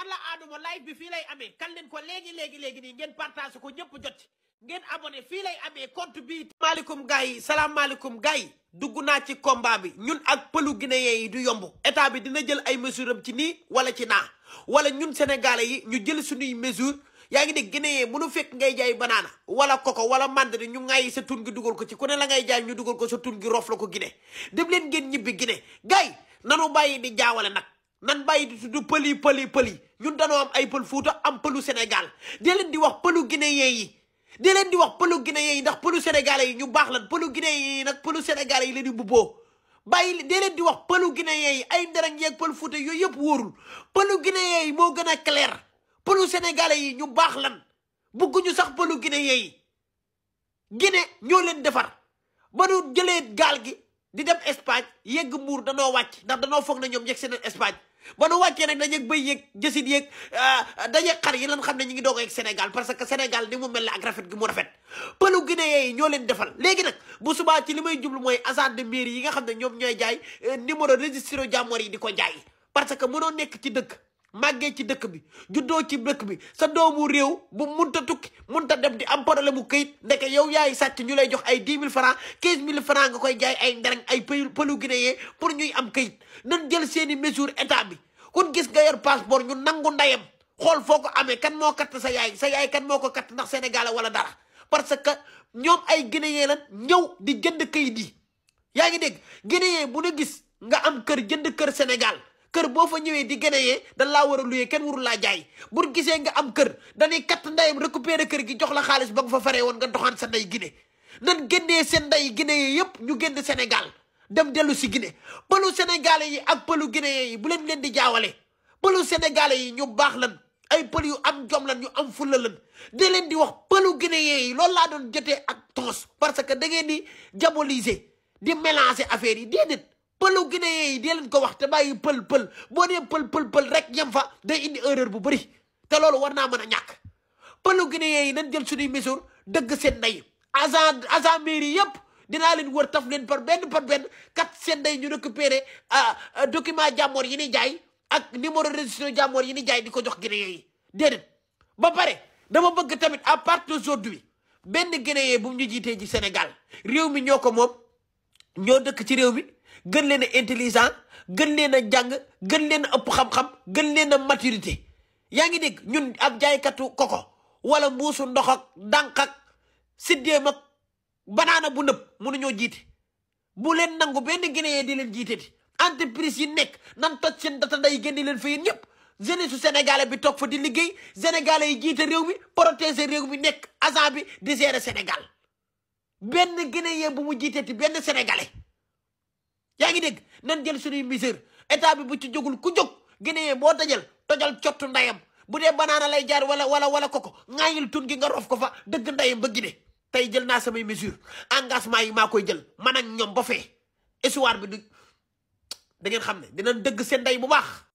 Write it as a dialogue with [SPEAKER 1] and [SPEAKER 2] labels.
[SPEAKER 1] alla aaduma live bi fii lay amee kan leen ko léegi léegi léegi nii ngeen partage ko ñëpp jot ngeen abonné fii lay amee compte bi maaleykum gars yi salaamaaleykum gars yi dugg naa ci combat bi ñun ak pëlu guinéen yi du yomb état bi dina jël ay mesure am ci nii wala ci naa wala ñun sénégalais yi ñu jël suñuy mesure yaa ngi dégg guinéen mënu fekk ngay jaay banaana wala koko wala mandari ñu ŋaayi sa tun gi dugal ko ci ku ne la ngay jaay ñu dugal ko sa tun gi rof la ko Guinée dem leen ngeen ñibbi Guinée gars yi nanu bàyyi di jaawale nag nan bàyyi di tudd pël yi pël yi ñun dañoo am ay pël Fuuta am pëlu senegal dee leen di wax pëlu guinéen yi dee leen di wax pëlu guinéen yi ndax pëlu sénégalais yi ñu baax lan pëlu guinéen yi nag pëlu sénégalais yi leen di bubboo bàyyi dee leen di wax pëlu guinéen yi ay nderang yeeg pël Fuuta yooyu yëpp wóorul pëlu guinéen yi moo gën a clair pëlu sénégalais yi ñu baax lan bugguñu sax pëlu guinéen yi Guinée ñoo leen defar ba nu jëlee gaal gi di dem Espagne yegg mbuur danoo wàcc ndax danoo foog na ñoom yegg seen Espagne ba nu wàccee nag dañuy bëy yéeg jësit yéeg ah, dañuy xar yi lan xam ne ñu ngi doog ak Sénégal parce que Sénégal ni mu mel la ak rafet gi mu rafet pëlu Guinée yi ñoo leen defal léegi nag bu subaa ci li may jublu mooy agent de mairie yi nga xam ne ñoom ñooy jaay eh, numéro registre jàmmoor yi di ko jaay parce que mënoo nekk ci dëkk màggee ci dëkk bi juddoo ci dëkk bi sa doomu réew bu munta tukki munta dem di am problème mu këyit ndeke yow yaay sàcc ñu lay jox ay dix mille francs quinze mille francs nga koy jaay ay ndereng ay pëlu guinéen pour ñuy am këyit nan jël seeni mesure état bi kon gis nga yor passeport ñu nangu ndayam xool foo ko amee kan moo sa yaay sa yaay kan moo ko katt ndax Sénégal wala dara parce que ñoom ay guinéen lan di jënd këyit yi yaa ngi dégg guinéen bu ñu gis nga am kër jënd kër Sénégal kër boo fa ñëwee di géneyee dañ laa war a luyee kenn warul laa jaay bu gisee nga am kër dañuy katt ndayam récupérer kër gi jox la xaalis ba nga fa faree woon nga doxaan sa nday Guinée nan génnee seen nday Guinée yëpp ñu génn Sénégal dem dellu si Guinée pëlu sénégalais yi ak pëlu guinéen bu leen leen di jaawale pëlu sénégalais yi ñu baax lan ay pël yu am jom lan ñu am fulla lan di leen di wax pëlu guinéen yi loolu laa doon jotee ak tons parce que da ngeen di diaboliser di mélanger affaire yi déedéet pëlu Guinée yi dee leen ko wax te bàyyi pël pël boo nee pël pël rek yem fa day indi erreur bu bëri te loolu war naa mën a ñàkk pëlu Guinée yi nañ jël suñuy mesure dëgg seen ndey agent agent mairie yëpp dinaa leen wër taf leen par benn par benn kat seen ndey ñu récupéré euh, euh, document jàmmoor yi ni jaay ak numéro registre jàmmoor yi ni jaay di ko jox Guinée yi déedéet ba pare dama bëgg tamit à partir d'aujourd'hui benn Guinée bu ñu jiitee ci Sénégal réew mi ñoo ko moom ño dëkk ci réew mi gën leen a intelligent gën leen a jàng gën leen ëpp xam-xam gën leen a maturité yaa ngi dégg ñun ab jaaykatu koko wala mbuusu ndox ak dànq ak siddéem ak banaana bu nëb mënuñoo jiite bu leen nangu benn Guinéen di leen jiite di entreprise yi nekk nan toj seen data nday génne leen fa yéen ñëpp jeunesse su sénégalais bi toog fa di liggéey sénégalais yi jiite réew mi protéger réew mi nekk agent bi di gérer Sénégal benn Guinéen bu mu jiiteeti benn sénégalais dégg nan jël suñuy mesures état bi bu ci jógul ku jóg Guinée boo dajal tojal cottu ndayam bu dee banaana lay jaar wala wala wala koko ŋaayil tun gi nga rof ko fa dëgg ndayam ba Guinée tey jël naa samay mesures engagement yi maa koy jël man ak ñoom ba fee histoire bi du da ngeen xam ne dinañ dëgg seen nday bu baax